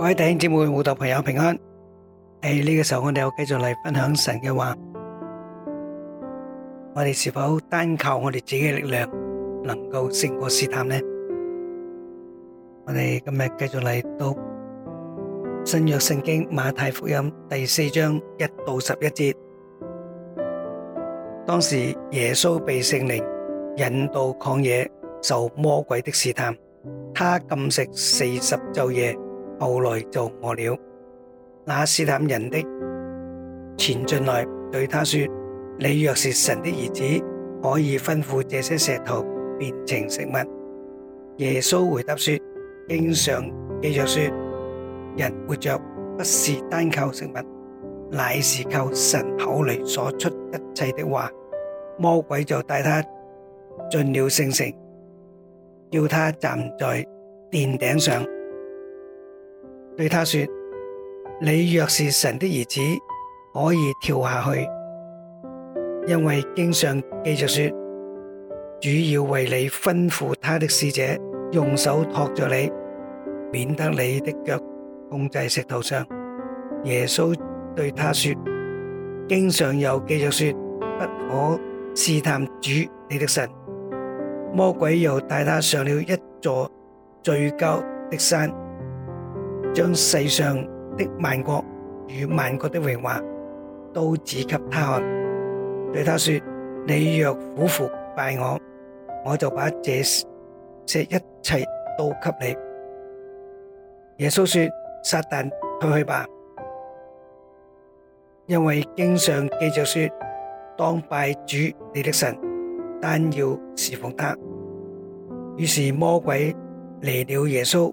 各位弟兄姊妹、慕道朋友平安。喺呢個時候，我哋又繼續嚟分享神嘅話。我哋是否單靠我哋自己嘅力量能夠勝過試探呢？我哋今日繼續嚟到新約聖經馬太福音第四章一到十一節。當時耶穌被聖靈引導曠野受魔鬼的試探，他禁食四十晝夜。後來就餓了。那試探人的前進來對他說：你若是神的兒子，可以吩咐這些石頭變成食物。耶穌回答說：經常記着說，人活着不是單靠食物，乃是靠神口裏所出一切的話。魔鬼就帶他進了聖城，叫他站在殿頂上。對他說：你若是神的兒子，可以跳下去，因為經上記着說，主要為你吩咐他的使者，用手托着你，免得你的腳碰在石頭上。耶穌對他說：經上又記着說，不可試探主你的神。魔鬼又帶他上了一座最高的山。將世上的萬國與萬國的榮華都指給他看，對他說：你若俯伏拜我，我就把這這一切都給你。耶穌說：撒旦，退去吧！因為經上記着說：當拜主你的神，單要侍奉他。於是魔鬼離了耶穌。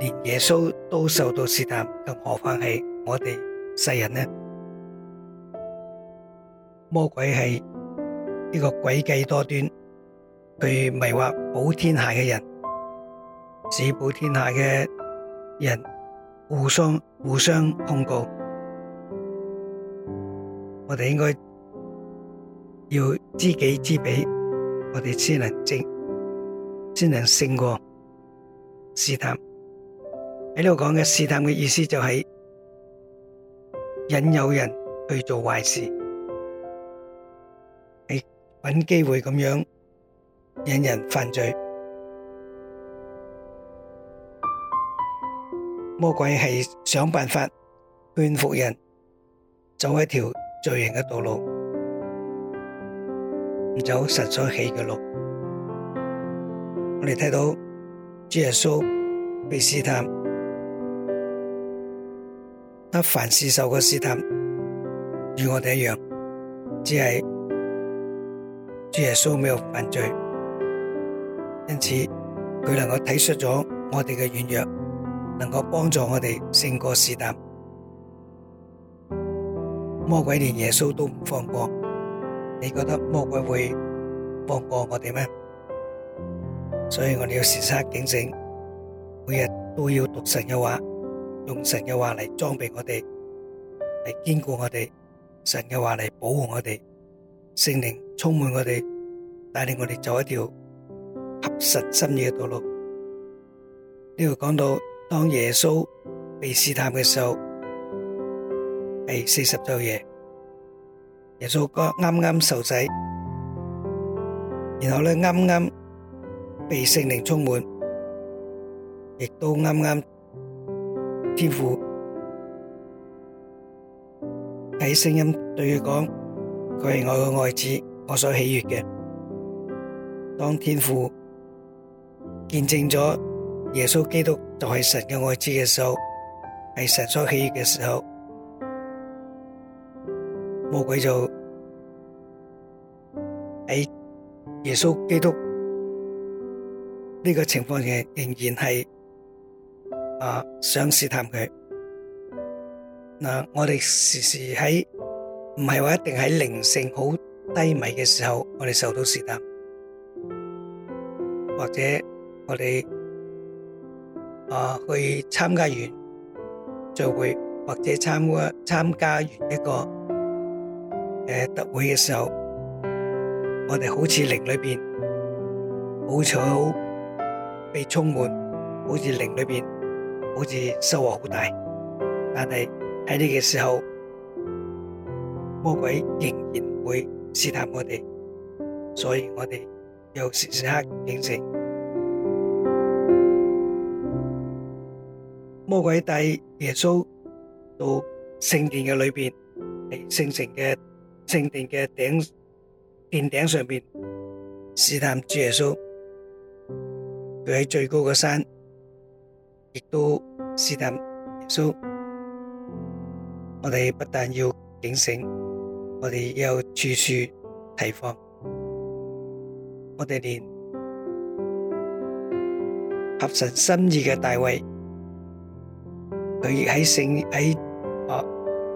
連耶穌都受到試探，更何況係我哋世人呢？魔鬼係呢個詭計多端，佢迷惑保天下嘅人，使保天下嘅人互相互相控告。我哋應該要知己知彼，我哋先能正，先能勝過試探。喺度講嘅試探嘅意思就係引誘人去做壞事，嚟搵機會咁樣引人犯罪。魔鬼係想辦法勸服人走一條罪人嘅道路，唔走神所喜嘅路。我哋睇到主耶穌被試探。那凡事受過試探，與我哋一樣，只係主耶穌沒有犯罪，因此佢能夠體恤咗我哋嘅軟弱，能夠幫助我哋勝過試探。魔鬼連耶穌都唔放過，你覺得魔鬼會放過我哋咩？所以我哋要時刻警醒，每日都要讀神嘅話。用神嘅話嚟裝備我哋，嚟堅固我哋，神嘅話嚟保護我哋，聖靈充滿我哋，帶領我哋走一條合神心意嘅道路。呢度講到當耶穌被試探嘅時候，係四十晝夜，耶穌剛啱啱受洗，然後咧啱啱被聖靈充滿，亦都啱啱。天父喺聲音對佢講，佢係我嘅愛子，我所喜悅嘅。當天父見證咗耶穌基督就係神嘅愛子嘅時候，係神所喜悅嘅時候，魔鬼就喺耶穌基督呢個情況下仍然係啊！想試探佢，嗱、啊，我哋時時喺唔係話一定喺靈性好低迷嘅時候，我哋受到試探，或者我哋啊去參加完聚會，或者參加參加完一個誒特、呃、會嘅時候，我哋好似靈裏邊，好似好被充滿，好似靈裏邊。好似收穫好大，但係喺呢個時候，魔鬼仍然會試探我哋，所以我哋要時時刻警醒。魔鬼帶耶穌到聖殿嘅裏面，聖城嘅聖殿嘅頂殿頂上面，試探主耶穌，佢喺最高嘅山。亦都是但耶穌，我哋不但要警醒，我哋要處處提防。我哋連合神心意嘅大衛，佢喺聖喺哦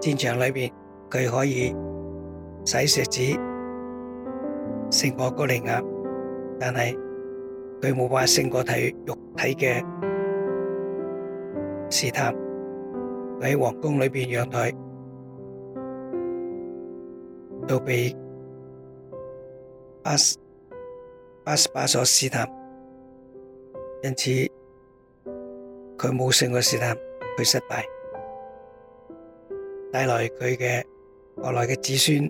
戰場裏面，佢可以洗石子勝過歌利亞，但係佢冇話勝過體肉體嘅。試探，喺皇宮裏面養胎，都被巴斯巴士巴索試探，因此佢冇勝過試探，佢失敗，帶來佢嘅國內嘅子孫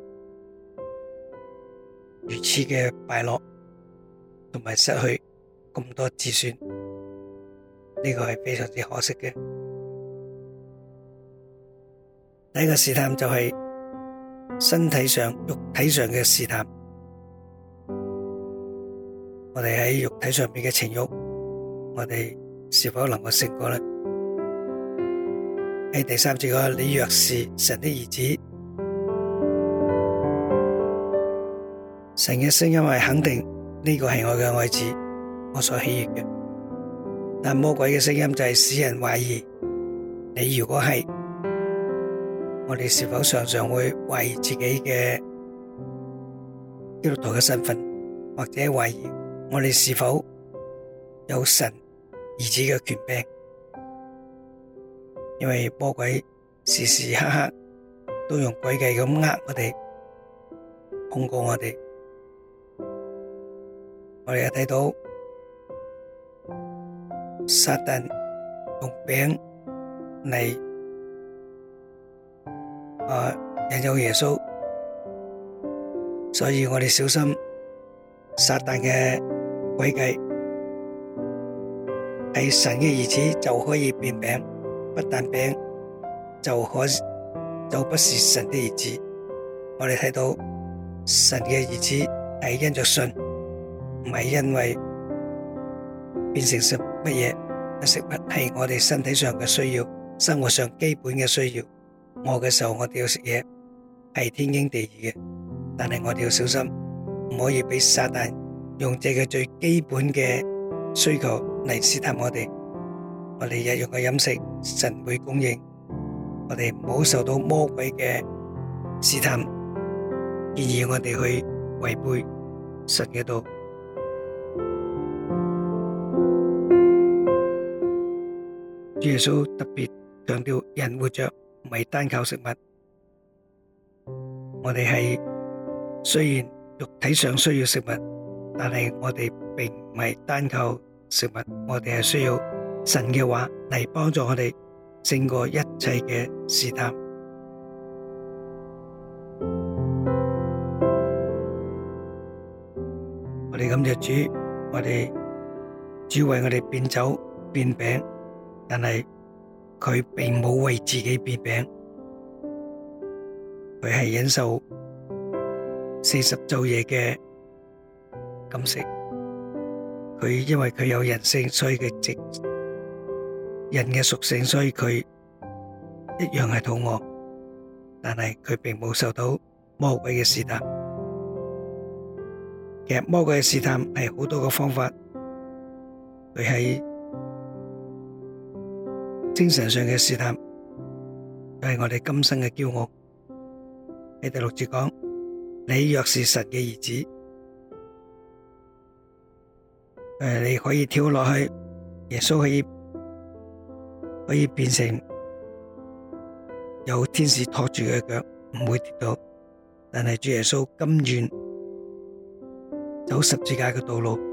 如此嘅敗落，同埋失去咁多子孫，呢、這個係非常之可惜嘅。第一個試探就係身體上、肉體上嘅試探。我哋喺肉體上面嘅情欲，我哋是否能夠勝過呢？喺第三節個，你若是神的兒子，神嘅聲音係肯定呢個係我嘅愛子，我所喜悅嘅。但魔鬼嘅聲音就係使人懷疑，你如果係。我哋是否常常會懷疑自己嘅基督徒嘅身份，或者懷疑我哋是否有神兒子嘅權柄？因為魔鬼時時刻刻都用詭計咁呃我哋，控告我哋。我哋又睇到撒旦用餅嚟。誒，人有耶穌，所以我哋小心撒旦嘅詭計。係神嘅兒子就可以變餅，不但餅就可就不是神嘅兒子。我哋睇到神嘅兒子係因着信，唔係因為變成食乜嘢食物係我哋身體上嘅需要，生活上基本嘅需要。餓嘅時候，我哋要食嘢係天經地義嘅，但係我哋要小心，唔可以俾撒旦用這個最基本嘅需求嚟試探我哋。我哋日用嘅飲食，神會供應。我哋唔好受到魔鬼嘅試探，建議我哋去違背神嘅道。耶穌特別強調，人活着。唔係單靠食物，我哋係雖然肉體上需要食物，但係我哋並唔係單靠食物，我哋係需要神嘅話嚟幫助我哋勝過一切嘅試探。我哋咁就主，我哋主為我哋變酒變餅，但係。佢並冇為自己變餅，佢係忍受四十晝夜嘅禁食。佢因為佢有人性，所以佢直人嘅屬性，所以佢一樣係肚餓，但係佢並冇受到魔鬼嘅試探。其實魔鬼嘅試探係好多嘅方法，佢係。精神上嘅試探係我哋今生嘅驕傲。喺第六節講，你若是神嘅兒子，誒，你可以跳落去，耶穌可以可以變成有天使托住佢腳，唔會跌倒。但係主耶穌甘願走十字架嘅道路。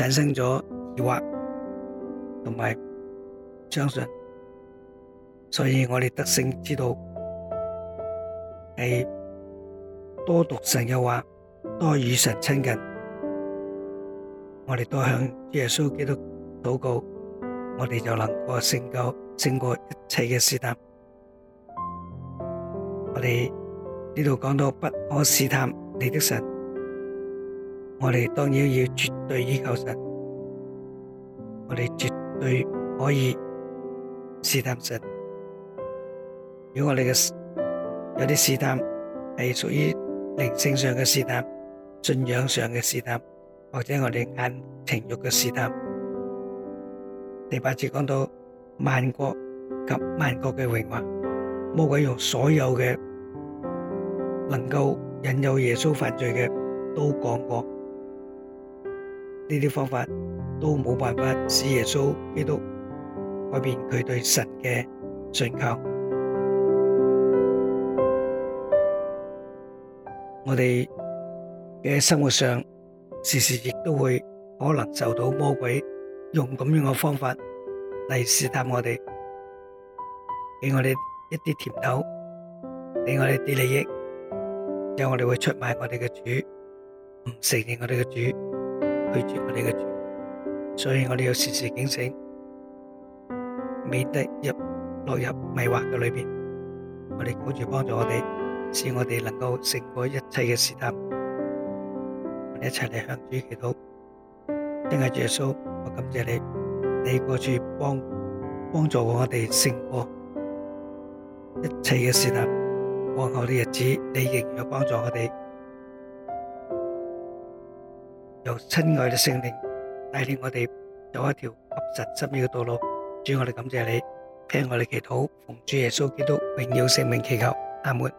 產生咗疑惑同埋唔相信，所以我哋得勝之道係多讀神嘅話，多與神親近，我哋多向耶穌基督禱告，我哋就能夠勝過勝過一切嘅試探。我哋呢度講到不可試探你的神。我哋當然要絕對依靠神，我哋絕對可以試探神。如果我哋嘅有啲試探係屬於靈性上嘅試探，信仰上嘅試探，或者我哋眼情欲嘅試探，第八節講到萬國及萬國嘅榮華，魔鬼用所有嘅能夠引誘耶穌犯罪嘅都講過。呢啲方法都冇辦法使耶穌基督改變佢對神嘅信仰。我哋嘅生活上，時時亦都會可能受到魔鬼用咁樣嘅方法嚟試探我哋，俾我哋一啲甜頭，俾我哋啲利益，之後我哋會出賣我哋嘅主，唔承認我哋嘅主。拒絕我哋嘅主，所以我哋要時時警醒，免得入落入迷惑嘅裏面。我哋鼓住幫助我哋，使我哋能夠勝過一切嘅試探。我哋一齊嚟向主祈禱，正係耶穌，我感謝你，你過去幫，幫助我哋勝過一切嘅試探，往後嘅日子，你仍然幫助我哋。由親愛的聖靈帶領我哋有一條合神心意嘅道路，主，我哋感謝你，聽我哋祈禱，奉主耶穌基督榮耀聖名祈求，阿門。